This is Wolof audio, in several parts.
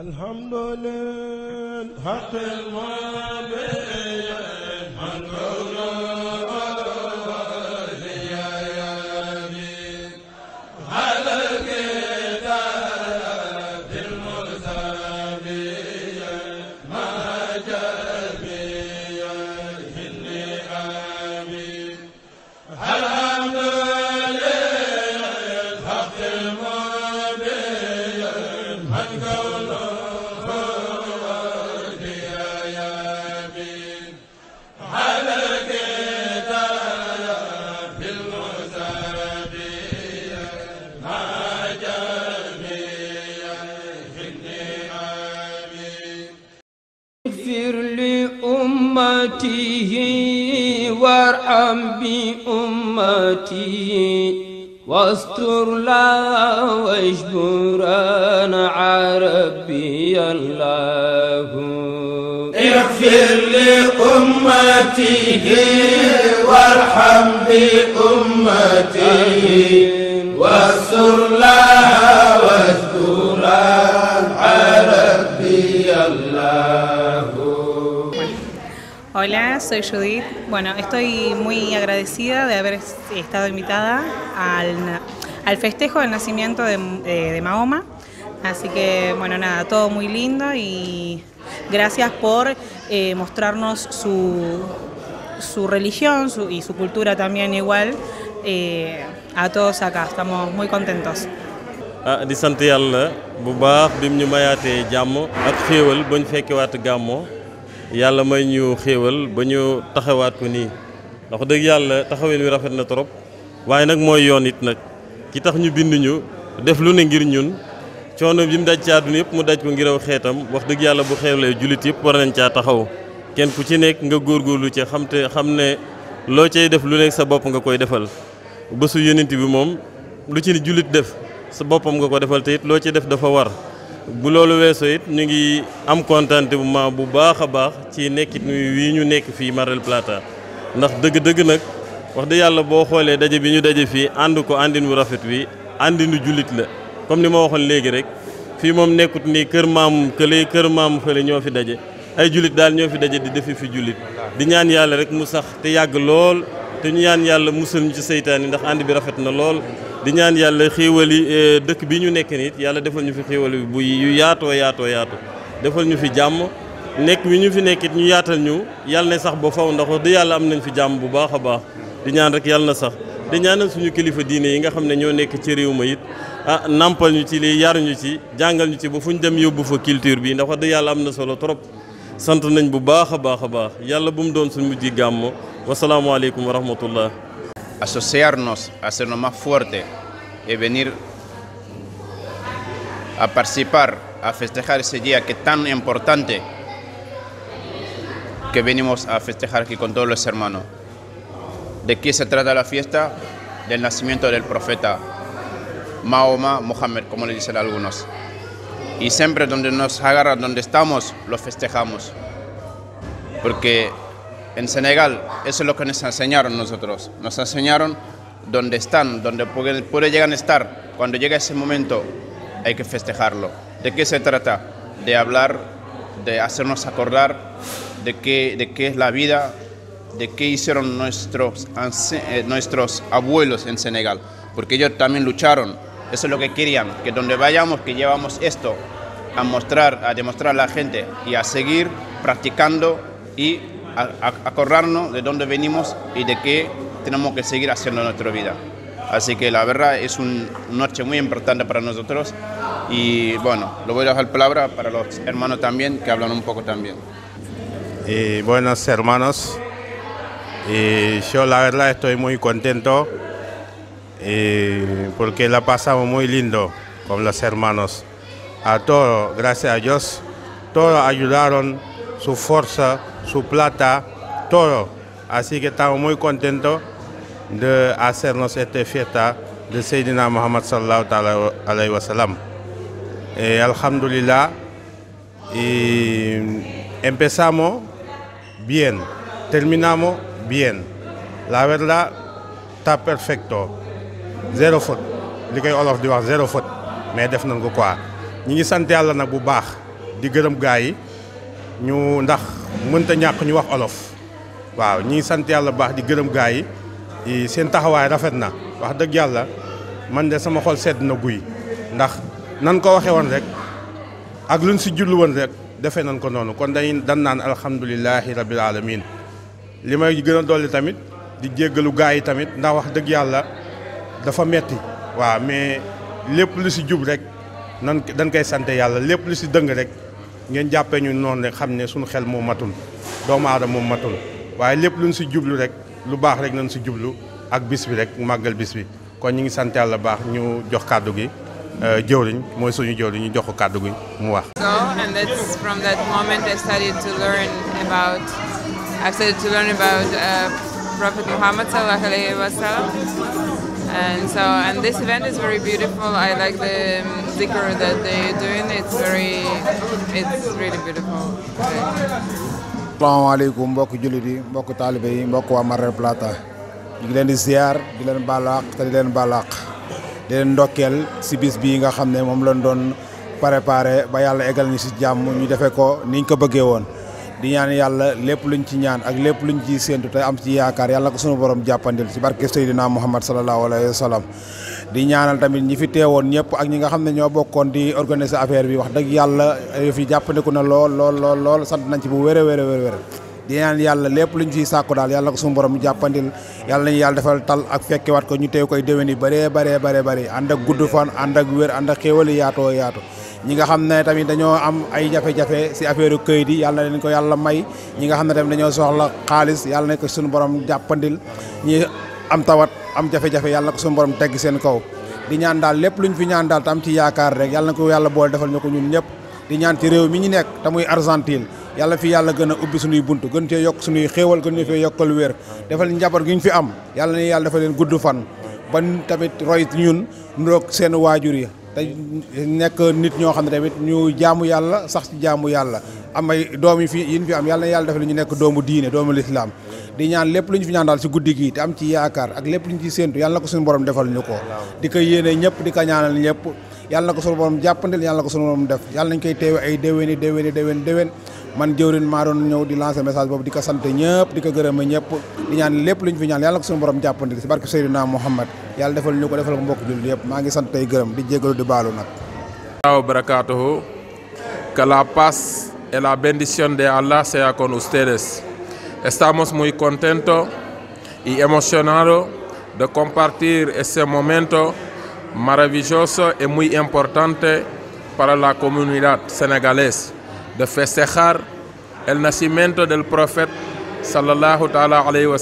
الحمد لله حق المبين rabbi ummati واستر لا واجبران عربي الله اغفر لأمته وارحم بأمته واستر لا واجبران buenas, soy Judith. Bueno, estoy muy agradecida de haber estado invitada al, festejo del nacimiento de, Mahoma. Así que, bueno, nada, todo muy lindo y gracias por eh, mostrarnos su, religión y su cultura también igual eh, a todos acá. Estamos muy contentos. ah di sant yàlla bu baax bim ñu mayaatee jàmm ak xéewal bañ fekkewaat gàmmoo yàlla may ñu xéewal ba ñu taxawaat ko nii ndax dëgg yàlla taxawin wi rafet na trop waaye nag mooy yoon it nag ki tax ñu bind ñu def lu ne ngir ñun coono bi mu daj ci àdduna yëpp mu daj ko ngir aw xeetam wax dëgg yàlla bu xeewlee jullit yëpp war nañ caa taxaw kenn ku ci nekk nga góor góorgóorlu ci xam te xam ne loo cay def lu nekk sa bopp nga koy defal bésu yonent bi moom lu ci jullit def sa boppam nga ko defal te loo ci def dafa war bu loolu weesoo it ñu ngi am contentement bu baax a baax ci nekkit wii ñu nekk fii Mar del Plata ndax dëgg-dëgg nag wax dëgg yàlla boo xoolee daje bi ñu daje fii ànd ko àndin wu rafet wi àndinu jullit la comme ni ma waxoon léegi rek fii moom nekkut nii kër maam kële kër maam fële ñoo fi daje ay jullit daal ñoo fi daje di defe fi jullit di ñaan yàlla rek mu sax te yàgg lool te ñu ñaan yàlla musal ñu ci seytaan yi ndax ànd bi rafet na lool di ñaan yàlla xéewal yi e, dëkk bi ñu nekk nit yàlla defal ñu fi xéewal bu yu yaatoo yaato yaatu defal ñu fi jàmm nekk wi ñu fi nekkit ñu yaatal ñu yàlla ne sax ba faw ndax wax dëgg yàlla am nañ fi jàmm bu baax a baax di ñaan rek yàlla na sax di ñaanal suñu kilifa diine yi nga xam ne ñoo nekk ci réew ma it ah nampal ci lii yar ñu ci jàngal ñu ci ba fu ñu dem yóbbu fa culture bi ndax wax dëgg yàlla am na solo trop sant nañ bu baax a baax a baax yàlla bu mu doon suñu mujj gàmm wasalaamaaleykum wa rahmatullah asociarnos, hacernos más fuertes y venir a participar, a festejar ese día que es tan importante que venimos a festejar aquí con todos los hermanos. ¿De qué se trata la fiesta? Del nacimiento del profeta Mahoma Mohammed, como le dicen algunos. Y siempre donde nos agarra, donde estamos, lo festejamos. Porque En Senegal, eso es lo que nos enseñaron nosotros. Nos enseñaron dónde están, dónde puede, puede llegar a estar. Cuando llega ese momento, hay que festejarlo. ¿De qué se trata? De hablar, de hacernos acordar de qué, de qué es la vida, de qué hicieron nuestros, eh, nuestros abuelos en Senegal, porque ellos también lucharon. Eso es lo que querían, que donde vayamos, que llevamos esto a mostrar, a demostrar a la gente y a seguir practicando y acordarnos de dónde venimos y de qué tenemos que seguir haciendo en nuestra vida. Así que la verdad es una noche muy importante para nosotros y bueno, lo voy a dejar palabra para los hermanos también que hablan un poco también. Y eh, buenos hermanos, y eh, yo la verdad estoy muy contento y eh, porque la pasamos muy lindo con los hermanos. A todos, gracias a Dios, todos ayudaron su fuerza su plata, todo. Así que estamos muy contentos de hacernos esta fiesta de Sayyidina Muhammad sallallahu alayhi wa sallam. Eh, alhamdulillah, y empezamos bien, terminamos La verdad, está perfecto. Zéro li koy olof di wax zéro faute mais def nañ ko quoi ñi ngi sant yàlla nag bu baax di gërëm gaa ñu ndax mënta ñàkk ñu wax olof waaw ñi sant yàlla baax di gërëm gaa yi seen taxawaay rafet na wax dëgg yàlla man de sama xol sedd na guy ndax nan ko waxee woon rek ak luñ si jullu woon rek defee nañ ko noonu kon dañuy dan naan alhamdulilahi rabil alamin li may gën a dolli tamit di jéggalu gaa yi tamit ndax wax dëgg yàlla dafa metti waa mais lépp lu si jub rek nan dañ koy sant yàlla lépp lu si dëng rek ngeen jàppee ñu noonu rek xam ne suñu xel moo matul doomu aadama moom matul waaye lépp luñ si jublu rek lu baax rek nañ si jublu ak bis bi rek màggal bis bi kon ñu ngi sant yàlla baax ñu jox kàddu gi euh, jëwriñ mooy suñu jëwriñ ñu jox kàddu gi mu wax. Uh, wa and so um, mbokk jullit yi mbokk taalibe yi mbokk waa Mar Plata ñu ngi leen di ziar di leen balaax te di leen balaax di leen ndokkeel si bis bii nga xam ne moom lañ doon préparé ba yàlla eggal ñu si jàmm ñu defe ko niñ ko bëggee woon. di ñaan yàlla lépp lu luñ ci ñaan ak lépp lu ñu ci séentu te am ci yaakaar yàlla ko sunu borom jàppandil ci barke Seydina Muhammad sallallahu alayhi wa sallam di ñaanal tamit ñi fi teewoon ñëpp ak ñi nga xam ne ñoo bokkoon di organiser affaire bi wax dëgg yàlla fi yi jàppandiku na lool lool lool lool sant nañ ci bu wér a wér a di ñaan yàlla lépp lu ñu ciy sàkk daal yàlla ko sunu borom jàppandil yàlla nañu yàlla defal tal ak wat ko ñu teew koy déwén yi bëree bëree bëree bëri ànd ak gudd fan ànd ak wér ànd ak xéewali yaatoo yaatu ñi nga xam ne tamit dañoo am ay jafe-jafe si affaire këyit yàlla na ko yàlla may ñi nga xam ne tamit dañoo soxla xaalis yàlla na ko suñu borom jàppandil ñi am tawat am jafe-jafe yàlla na borom tegg seen kaw di ñaan daal lépp luñ fi ñaan daal tam ci yaakaar rek yàlla na ko yàlla boole defal ñu ko ñun ñëpp di ñaan ci réew mi ñu nekk te muy Argentine yàlla fi yàlla gën a ubbi suñuy bunt gën cee yokk suñuy xéewal gën ñu fee yokkal wér defal njaboot gi ñu fi am yàlla na yàlla dafa leen gudd fan ban tamit roy ñun nuroog seen waajur yi te nekk nit ñoo xam ne tamit ñu jaamu yàlla sax ci jaamu yàlla am ay doom yi fi yin fi am yàlla na ñu nekk doomu diine doomu lislaam di ñaan lépp lu ñu fi ñaan daal si guddi gi am ci yaakaar ak lépp lu yàlla ko suñu borom defal ñu ko di ko yéene ñëpp di ko ñaanal ñëpp yàlla na ko suñu borom jàppandil yàlla na ko suñu borom def yàlla nañ koy teewe ay déwéni déwéni déwén déwén man jëwrin maa doon ñëw di lancer message boobu di ko sant ñëpp di ko gërëm ñëpp di ñaan lépp lu ñu Muhammad yàlla defal ñu ko defal ko mbokk jullit yëpp maa ngi sant tey gërëm di jégalu di baalu nag wa barakatuhu la paz y la bendición de Allah sea con ustedes estamos muy contentos y emocionados de compartir este momento maravilloso y muy importante para la comunidad senegalesa de festejar el nacimiento del profeta sallallahu ta'ala alayhi wa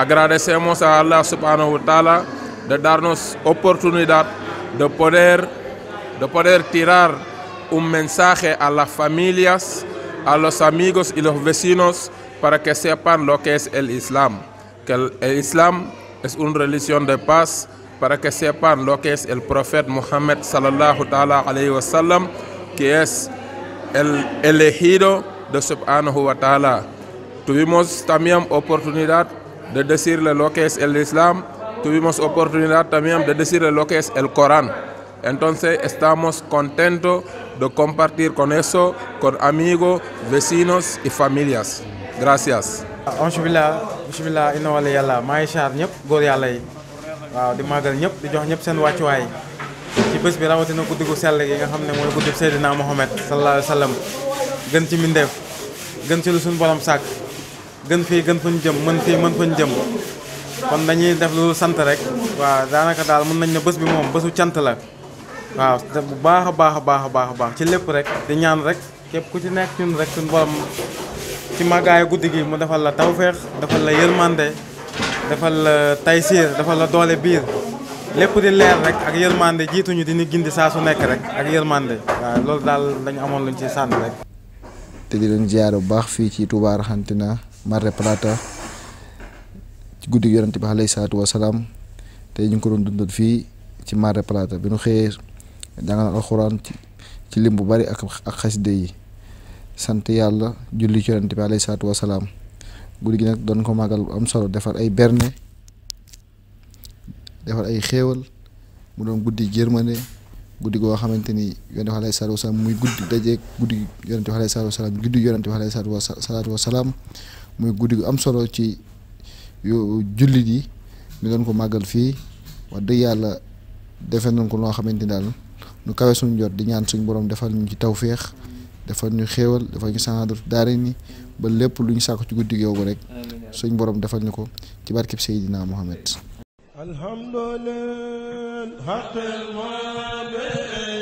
Agradecemos a Allah subhanahu wa ta'ala de darnos oportunidad de poder, de poder tirar un mensaje a las familias, a los amigos y los vecinos para que sepan lo que es el Islam. Que el, Islam es una religión de paz para que sepan lo que es el profeta Muhammad sallallahu ta'ala alayhi wa que es el elegido de subhanahu wa Tuvimos también oportunidad de decir lo el Islam, tuvimos oportunidad también de decir lo que es el Corán. Entonces estamos contentos de compartir con eso, con amigos, vecinos y familias. Gracias. alhamdulilah bisimilah inna yàlla maa ngi siyaar ñëpp góor yàlla yi waaw di màggal ñëpp di jox ñëpp seen wàccuwaay ci bés bi rawatina guddi gu sell gi nga xam ne mooy guddi Seydina Mohamed sallallahu alayhi gën ci mbindeef gën ci lu suñu borom sàkk gën fii gën fuñ jëm mën fii mën fuñ jëm kon dañuy def lu sant rek waaw daanaka daal mën nañ ne bés bi moom bésu cant la waaw bu baax a baax a baax a baax a baax ci lépp rek di ñaan rek képp ku ci nekk ñun rek suñu borom ci màggaayu guddi gi mu defal la tawféex defal la yërmande defal la taysiir defal la doole biir lépp di leer rek ak yërmande jiituñu di dini gindi saa su nekk rek ak yërmande waaw loolu daal dañu amoon luñ ci sànni rek. te di leen bu baax fii ci Touba Argentine Mar palaata ci guddi yonent bi alayhi salaatu wa salaam tey ñu ngi ko doon dundal fii ci Mar palaata bi nu xëyee jàngal alxuraan ci lim bu bari ak ak xaside yi sant yàlla julli ci yonent bi alayhi salaatu wa salaam guddi gi nag doon ko màggal am solo defar ay berne defar ay xéewal mu doon guddi yërmande guddi goo xamante ni yonent bi alayhi salaatu wasalaam muy guddi dajeeg guddi yonent bi alayhi salaatu wasalaam guddi yonent bi alayhi salaatu wasalaam muy guddi gu am solo ci jullit yi ñu doon ko màggal fii wax dëgg yàlla defee nañ ko loo xamante ni daal nu kawe suñ jot di ñaan suñu borom defal ñu ci tawféex defal ñu xéewal defal ñu sanaadu daare ni ba lépp lu ñu sàkku ci guddi googu rek suñu borom defal ñu ko ci barkeb Seydina Muhammad الحمد لله حق المعبد